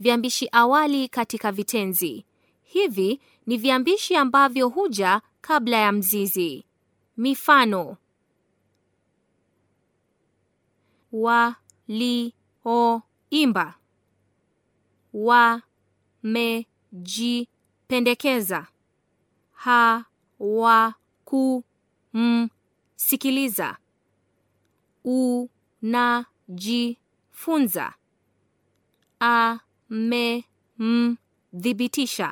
Viambishi awali katika vitenzi hivi ni viambishi ambavyo huja kabla ya mzizi. Mifano: walioimba, wamejipendekeza, hawakumsikiliza, unajifunza a mmedhibitisha